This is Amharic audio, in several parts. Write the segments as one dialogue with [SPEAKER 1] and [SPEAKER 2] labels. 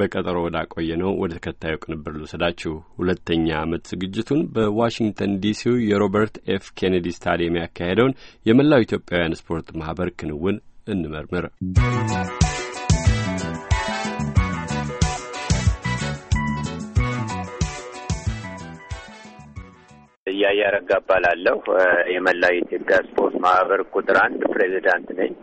[SPEAKER 1] በቀጠሮ ወዳቆየ ነው ወደ ተከታዩ ቅንብር ልውሰዳችሁ። ሁለተኛ ዓመት ዝግጅቱን በዋሽንግተን ዲሲው የሮበርት ኤፍ ኬኔዲ ስታዲየም ያካሄደውን የመላው ኢትዮጵያውያን ስፖርት ማህበር ክንውን እንመርምር።
[SPEAKER 2] እያያረጋ እባላለሁ። የመላው ኢትዮጵያ ስፖርት ማህበር ቁጥር አንድ ፕሬዚዳንት ነኝ።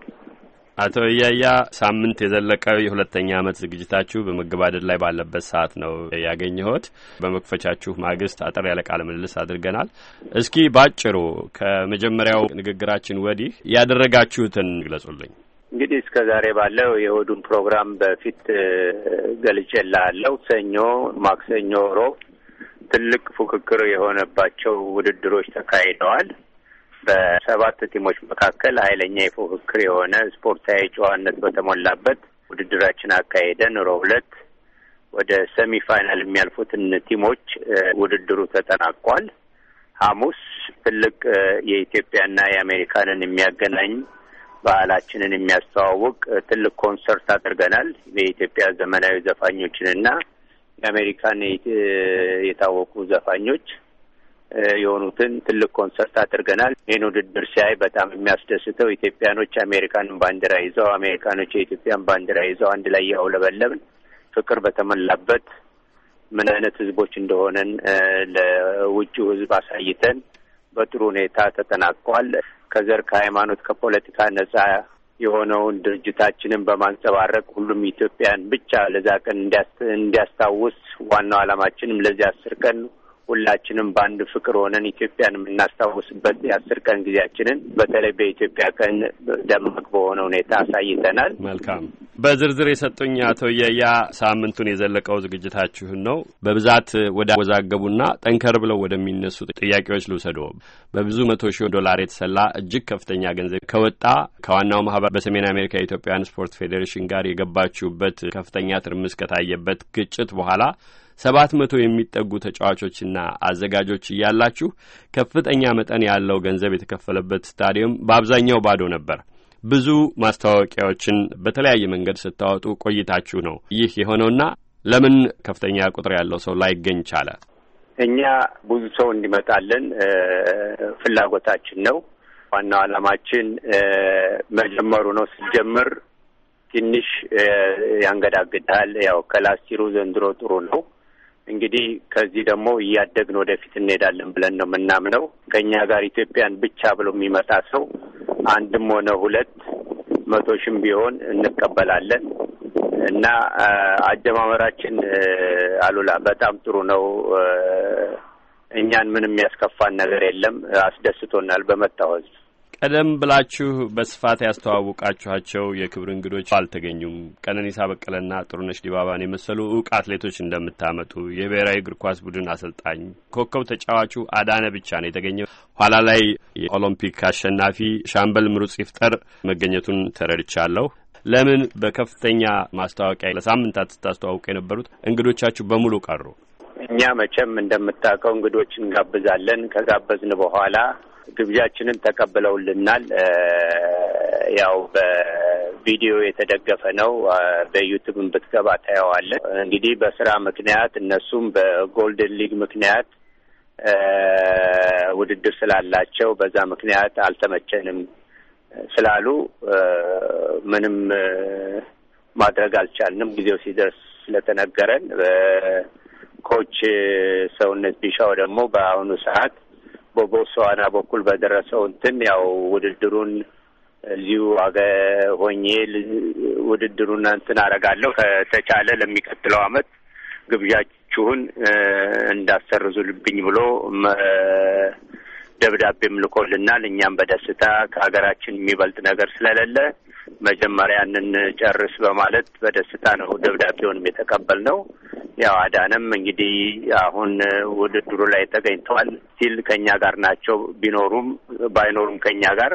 [SPEAKER 1] አቶ እያያ ሳምንት የዘለቀው የሁለተኛ ዓመት ዝግጅታችሁ በመገባደድ ላይ ባለበት ሰዓት ነው ያገኘሁት። በመክፈቻችሁ ማግስት አጠር ያለ ቃለ ምልልስ አድርገናል። እስኪ ባጭሩ ከመጀመሪያው ንግግራችን ወዲህ ያደረጋችሁትን ግለጹልኝ።
[SPEAKER 2] እንግዲህ እስከ ዛሬ ባለው የእሁዱን ፕሮግራም በፊት ገልጬልሃለሁ። ሰኞ፣ ማክሰኞ፣ ሮብ ትልቅ ፉክክር የሆነባቸው ውድድሮች ተካሂደዋል። በሰባት ቲሞች መካከል ኃይለኛ የፉክክር የሆነ ስፖርታዊ ጨዋነት በተሞላበት ውድድራችን አካሄደን ረቡዕ ሁለት ወደ ሰሚ ፋይናል የሚያልፉትን ቲሞች ውድድሩ ተጠናቋል። ሐሙስ ትልቅ የኢትዮጵያና የአሜሪካንን የሚያገናኝ ባህላችንን የሚያስተዋውቅ ትልቅ ኮንሰርት አድርገናል። የኢትዮጵያ ዘመናዊ ዘፋኞችንና የአሜሪካን የታወቁ ዘፋኞች የሆኑትን ትልቅ ኮንሰርት አድርገናል። ይህን ውድድር ሲያይ በጣም የሚያስደስተው ኢትዮጵያኖች አሜሪካንን ባንዲራ ይዘው፣ አሜሪካኖች የኢትዮጵያን ባንዲራ ይዘው አንድ ላይ ያውለበለብን ፍቅር በተሞላበት ምን አይነት ህዝቦች እንደሆነን ለውጭው ህዝብ አሳይተን በጥሩ ሁኔታ ተጠናቋል። ከዘር ከሃይማኖት፣ ከፖለቲካ ነጻ የሆነውን ድርጅታችንን በማንጸባረቅ ሁሉም ኢትዮጵያን ብቻ ለዛ ቀን እንዲያስታውስ ዋናው ዓላማችንም ለዚህ አስር ቀን ሁላችንም በአንድ ፍቅር ሆነን ኢትዮጵያን የምናስታውስበት የአስር ቀን ጊዜያችንን በተለይ በኢትዮጵያ ቀን ደማቅ በሆነ ሁኔታ አሳይተናል። መልካም
[SPEAKER 1] በዝርዝር የሰጡኝ አቶ የያ ሳምንቱን የዘለቀው ዝግጅታችሁን ነው። በብዛት ወደ ጠንከር ብለው ወደሚነሱ ጥያቄዎች ልውሰዶ በብዙ መቶ ሺህ ዶላር የተሰላ እጅግ ከፍተኛ ገንዘብ ከወጣ ከዋናው ማህበር በሰሜን አሜሪካ የኢትዮጵያን ስፖርት ፌዴሬሽን ጋር የገባችሁበት ከፍተኛ ትርምስ ከታየበት ግጭት በኋላ ሰባት መቶ የሚጠጉ ተጫዋቾችና አዘጋጆች እያላችሁ ከፍተኛ መጠን ያለው ገንዘብ የተከፈለበት ስታዲየም በአብዛኛው ባዶ ነበር። ብዙ ማስታወቂያዎችን በተለያየ መንገድ ስታወጡ ቆይታችሁ ነው ይህ የሆነውና ለምን ከፍተኛ ቁጥር ያለው ሰው ላይገኝ ቻለ?
[SPEAKER 2] እኛ ብዙ ሰው እንዲመጣለን ፍላጎታችን ነው። ዋናው ዓላማችን መጀመሩ ነው። ስጀምር ትንሽ ያንገዳግዳል። ያው ከላስቲሩ ዘንድሮ ጥሩ ነው። እንግዲህ ከዚህ ደግሞ እያደግን ወደፊት እንሄዳለን ብለን ነው የምናምነው። ከእኛ ጋር ኢትዮጵያን ብቻ ብሎ የሚመጣ ሰው አንድም ሆነ ሁለት መቶ ሽም ቢሆን እንቀበላለን እና አጀማመራችን አሉላ በጣም ጥሩ ነው። እኛን ምንም ያስከፋን ነገር የለም። አስደስቶናል በመጣው ህዝብ
[SPEAKER 1] ቀደም ብላችሁ በስፋት ያስተዋውቃችኋቸው የክብር እንግዶች አልተገኙም። ቀነኒሳ በቀለና ጥሩነሽ ዲባባን የመሰሉ እውቅ አትሌቶች እንደምታመጡ የብሔራዊ እግር ኳስ ቡድን አሰልጣኝ ኮከብ ተጫዋቹ አዳነ ብቻ ነው የተገኘው። ኋላ ላይ የኦሎምፒክ አሸናፊ ሻምበል ምሩጽ ይፍጠር መገኘቱን ተረድቻለሁ። ለምን በከፍተኛ ማስታወቂያ ለሳምንታት ስታስተዋውቅ የነበሩት እንግዶቻችሁ በሙሉ ቀሩ?
[SPEAKER 2] እኛ መቼም እንደምታውቀው እንግዶች እንጋብዛለን። ከጋበዝን በኋላ ግብዣችንን ተቀብለውልናል። ያው በቪዲዮ የተደገፈ ነው። በዩቱብም ብትገባ ታየዋለን። እንግዲህ በስራ ምክንያት እነሱም በጎልደን ሊግ ምክንያት ውድድር ስላላቸው በዛ ምክንያት አልተመቸንም ስላሉ ምንም ማድረግ አልቻልንም። ጊዜው ሲደርስ ስለተነገረን ኮች ሰውነት ቢሻው ደግሞ በአሁኑ ሰዓት በቦትስዋና በኩል በደረሰው እንትን ያው ውድድሩን እዚሁ አገ ሆኜ ውድድሩን እንትን አደርጋለሁ። ከተቻለ ለሚቀጥለው አመት ግብዣችሁን እንዳሰርዙልብኝ ብሎ ደብዳቤም ልኮልናል። እኛም በደስታ ከሀገራችን የሚበልጥ ነገር ስለሌለ መጀመሪያ ጨርስ በማለት በደስታ ነው ደብዳቤውንም ነው። ያው አዳነም እንግዲህ አሁን ውድድሩ ላይ ተገኝተዋል ሲል ከእኛ ጋር ናቸው። ቢኖሩም ባይኖሩም ከእኛ ጋር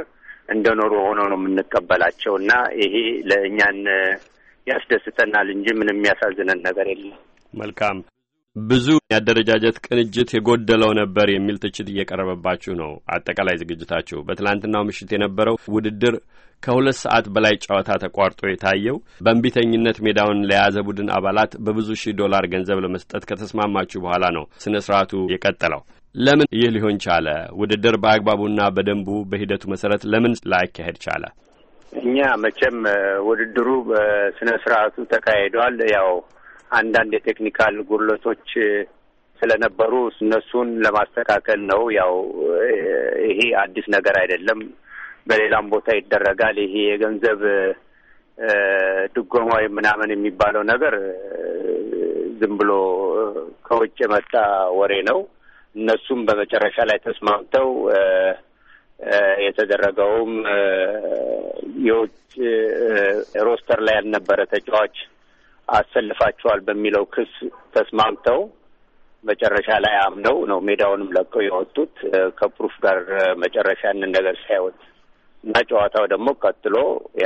[SPEAKER 2] እንደ ኖሩ ሆኖ ነው የምንቀበላቸው እና ይሄ ለእኛን ያስደስተናል እንጂ ምንም የሚያሳዝነን ነገር የለም።
[SPEAKER 1] መልካም ብዙ የአደረጃጀት ቅንጅት የጎደለው ነበር የሚል ትችት እየቀረበባችሁ ነው። አጠቃላይ ዝግጅታችሁ በትላንትናው ምሽት የነበረው ውድድር ከሁለት ሰዓት በላይ ጨዋታ ተቋርጦ የታየው በእንቢተኝነት ሜዳውን ለያዘ ቡድን አባላት በብዙ ሺህ ዶላር ገንዘብ ለመስጠት ከተስማማችሁ በኋላ ነው ስነ ስርዓቱ የቀጠለው። ለምን ይህ ሊሆን ቻለ? ውድድር በአግባቡና በደንቡ በሂደቱ መሰረት ለምን ላይካሄድ ቻለ?
[SPEAKER 2] እኛ መቼም ውድድሩ በስነ ስርዓቱ ተካሂዷል። ያው አንዳንድ የቴክኒካል ጉድለቶች ስለነበሩ እነሱን ለማስተካከል ነው። ያው ይሄ አዲስ ነገር አይደለም፣ በሌላም ቦታ ይደረጋል። ይሄ የገንዘብ ድጎማዊ ምናምን የሚባለው ነገር ዝም ብሎ ከውጭ የመጣ ወሬ ነው። እነሱም በመጨረሻ ላይ ተስማምተው የተደረገውም የውጭ ሮስተር ላይ ያልነበረ ተጫዋች አሰልፋቸዋል በሚለው ክስ ተስማምተው መጨረሻ ላይ አምነው ነው ሜዳውንም ለቀው የወጡት ከፕሩፍ ጋር መጨረሻ ያንን ነገር ሳይወት እና ጨዋታው ደግሞ ቀጥሎ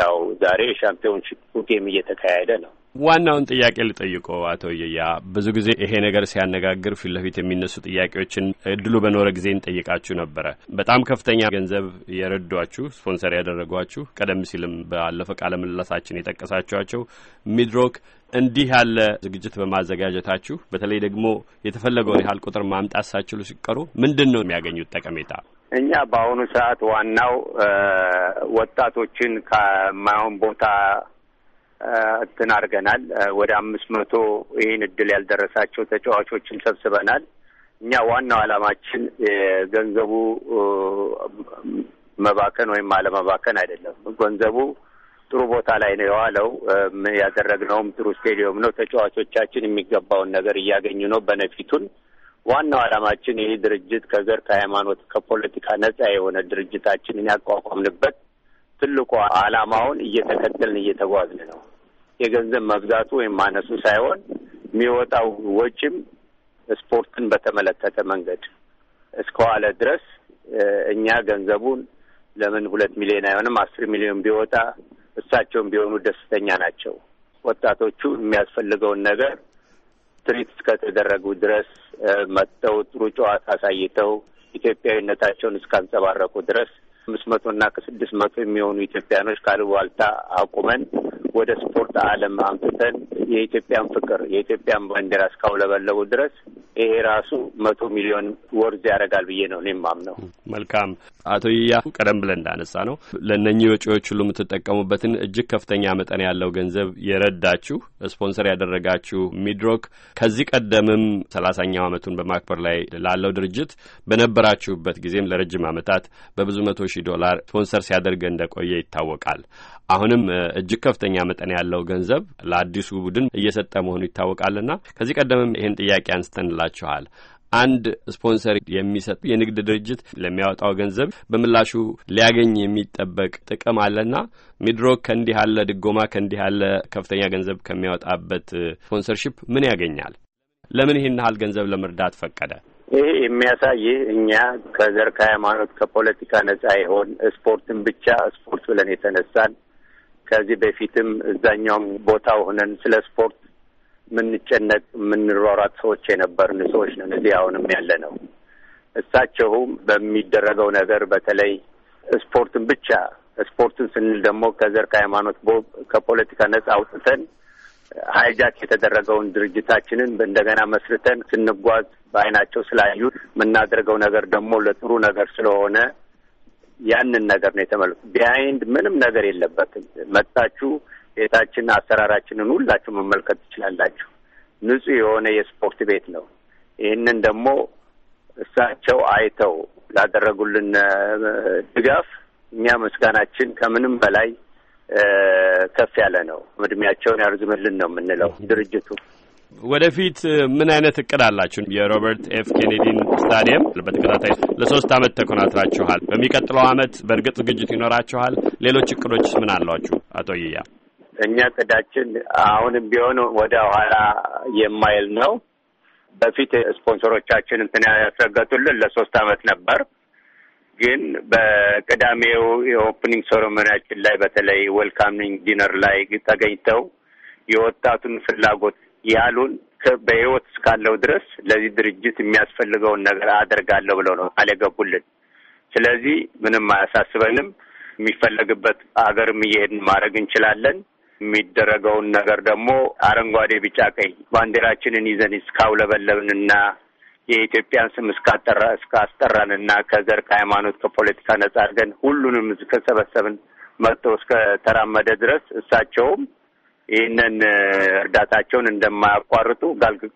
[SPEAKER 2] ያው ዛሬ የሻምፒዮንሺፑ ጌም እየተካሄደ ነው።
[SPEAKER 1] ዋናውን ጥያቄ ልጠይቆ አቶ እየያ ብዙ ጊዜ ይሄ ነገር ሲያነጋግር ፊት ለፊት የሚነሱ ጥያቄዎችን እድሉ በኖረ ጊዜ እንጠይቃችሁ ነበረ። በጣም ከፍተኛ ገንዘብ የረዷችሁ ስፖንሰር ያደረጓችሁ ቀደም ሲልም ባለፈ ቃለ ምልልሳችን የጠቀሳችኋቸው ሚድሮክ እንዲህ ያለ ዝግጅት በማዘጋጀታችሁ በተለይ ደግሞ የተፈለገውን ያህል ቁጥር ማምጣት ሳችሉ ሲቀሩ ምንድን ነው የሚያገኙት ጠቀሜታ?
[SPEAKER 2] እኛ በአሁኑ ሰዓት ዋናው ወጣቶችን ከማይሆን ቦታ እንትን አድርገናል። ወደ አምስት መቶ ይህን እድል ያልደረሳቸው ተጫዋቾችን ሰብስበናል። እኛ ዋናው ዓላማችን የገንዘቡ መባከን ወይም አለመባከን አይደለም። ገንዘቡ ጥሩ ቦታ ላይ ነው የዋለው። ያደረግነውም ጥሩ ስቴዲየም ነው። ተጫዋቾቻችን የሚገባውን ነገር እያገኙ ነው በነፊቱን ዋናው ዓላማችን ይህ ድርጅት ከዘር፣ ከሃይማኖት፣ ከፖለቲካ ነጻ የሆነ ድርጅታችንን ያቋቋምንበት ትልቁ ዓላማውን እየተከተልን እየተጓዝን ነው። የገንዘብ መብዛቱ ወይም ማነሱ ሳይሆን የሚወጣው ወጪም ስፖርትን በተመለከተ መንገድ እስከዋለ ድረስ እኛ ገንዘቡን ለምን ሁለት ሚሊዮን አይሆንም አስር ሚሊዮን ቢወጣ እሳቸውም ቢሆኑ ደስተኛ ናቸው። ወጣቶቹ የሚያስፈልገውን ነገር ትሪት እስከተደረጉ ድረስ መጥተው ጥሩ ጨዋታ አሳይተው ኢትዮጵያዊነታቸውን እስካንጸባረቁ ድረስ አምስት መቶ እና ከስድስት መቶ የሚሆኑ ኢትዮጵያኖች ካልዋልታ አቁመን ወደ ስፖርት ዓለም አምጥተን የኢትዮጵያን ፍቅር የኢትዮጵያን ባንዲራ እስካውለበለቡ ድረስ ይሄ ራሱ መቶ ሚሊዮን ወርዝ ያደርጋል ብዬ ነው እኔም ማምነው።
[SPEAKER 1] መልካም አቶ ይያ ቀደም ብለን እንዳነሳ ነው ለእነኚህ ወጪዎች ሁሉ የምትጠቀሙበትን እጅግ ከፍተኛ መጠን ያለው ገንዘብ የረዳችሁ ስፖንሰር ያደረጋችሁ ሚድሮክ ከዚህ ቀደምም ሰላሳኛው ዓመቱን በማክበር ላይ ላለው ድርጅት በነበራችሁበት ጊዜም ለረጅም ዓመታት በብዙ መቶ ሺህ ዶላር ስፖንሰር ሲያደርግ እንደቆየ ይታወቃል። አሁንም እጅግ ከፍተኛ መጠን ያለው ገንዘብ ለአዲሱ ቡድን እየሰጠ መሆኑ ይታወቃልና ከዚህ ቀደምም ይህን ጥያቄ አንስተንላችኋል። አንድ ስፖንሰር የሚሰጥ የንግድ ድርጅት ለሚያወጣው ገንዘብ በምላሹ ሊያገኝ የሚጠበቅ ጥቅም አለና ሚድሮክ ከእንዲህ ያለ ድጎማ ከእንዲህ ያለ ከፍተኛ ገንዘብ ከሚያወጣበት ስፖንሰርሺፕ ምን ያገኛል? ለምን ይህን ያህል ገንዘብ ለመርዳት ፈቀደ?
[SPEAKER 2] ይህ የሚያሳይህ እኛ ከዘር፣ ከሃይማኖት፣ ከፖለቲካ ነጻ የሆን ስፖርትን ብቻ ስፖርት ብለን የተነሳን ከዚህ በፊትም እዛኛውም ቦታው ሆነን ስለ ስፖርት የምንጨነቅ የምንሯሯጥ ሰዎች የነበርን ሰዎች ነን። እዚህ አሁንም ያለ ነው። እሳቸውም በሚደረገው ነገር በተለይ ስፖርትን ብቻ ስፖርትን ስንል ደግሞ ከዘር ከሃይማኖት፣ ከፖለቲካ ነጻ አውጥተን ሀይጃክ የተደረገውን ድርጅታችንን እንደገና መስርተን ስንጓዝ በአይናቸው ስላዩት የምናደርገው ነገር ደግሞ ለጥሩ ነገር ስለሆነ ያንን ነገር ነው የተመለሱ። ቢሃይንድ ምንም ነገር የለበትም። መጥታችሁ ቤታችንን አሰራራችንን ሁላችሁ መመልከት ትችላላችሁ። ንጹህ የሆነ የስፖርት ቤት ነው። ይህንን ደግሞ እሳቸው አይተው ላደረጉልን ድጋፍ እኛ ምስጋናችን ከምንም በላይ ከፍ ያለ ነው። እድሜያቸውን ያርዝምልን ነው የምንለው ድርጅቱ
[SPEAKER 1] ወደፊት ምን አይነት እቅድ አላችሁ? የሮበርት ኤፍ ኬኔዲን ስታዲየም በተከታታይ ለሶስት አመት ተኮናትራችኋል። በሚቀጥለው አመት በእርግጥ ዝግጅት ይኖራችኋል? ሌሎች እቅዶች ምን አሏችሁ? አቶ ይያ
[SPEAKER 2] እኛ እቅዳችን አሁንም ቢሆን ወደ ኋላ የማይል ነው። በፊት ስፖንሰሮቻችን እንትን ያስረገጡልን ለሶስት አመት ነበር። ግን በቅዳሜው የኦፕኒንግ ሴሬሞኒያችን ላይ በተለይ ዌልካሚንግ ዲነር ላይ ተገኝተው የወጣቱን ፍላጎት ያሉን በህይወት እስካለው ድረስ ለዚህ ድርጅት የሚያስፈልገውን ነገር አደርጋለሁ ብለው ነው ቃል የገቡልን። ስለዚህ ምንም አያሳስበንም። የሚፈለግበት አገርም እየሄድን ማድረግ እንችላለን። የሚደረገውን ነገር ደግሞ አረንጓዴ፣ ቢጫ፣ ቀይ ባንዲራችንን ይዘን እስካውለበለብንና የኢትዮጵያን ስም እስካጠራ እስካስጠራንና ከዘር ከሃይማኖት፣ ከፖለቲካ ነጻ አድርገን ሁሉንም እስከሰበሰብን መጥቶ እስከተራመደ ድረስ እሳቸውም ይህንን እርዳታቸውን እንደማያቋርጡ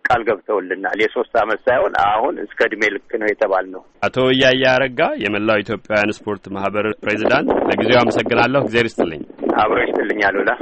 [SPEAKER 2] ቃል ገብተውልናል። የሶስት አመት ሳይሆን አሁን እስከ እድሜ ልክ ነው የተባል ነው።
[SPEAKER 1] አቶ እያያ አረጋ የመላው ኢትዮጵያውያን ስፖርት ማህበር ፕሬዚዳንት፣ ለጊዜው አመሰግናለሁ። እግዜር ይስጥልኝ። አብሮ ይስጥልኝ አሉላ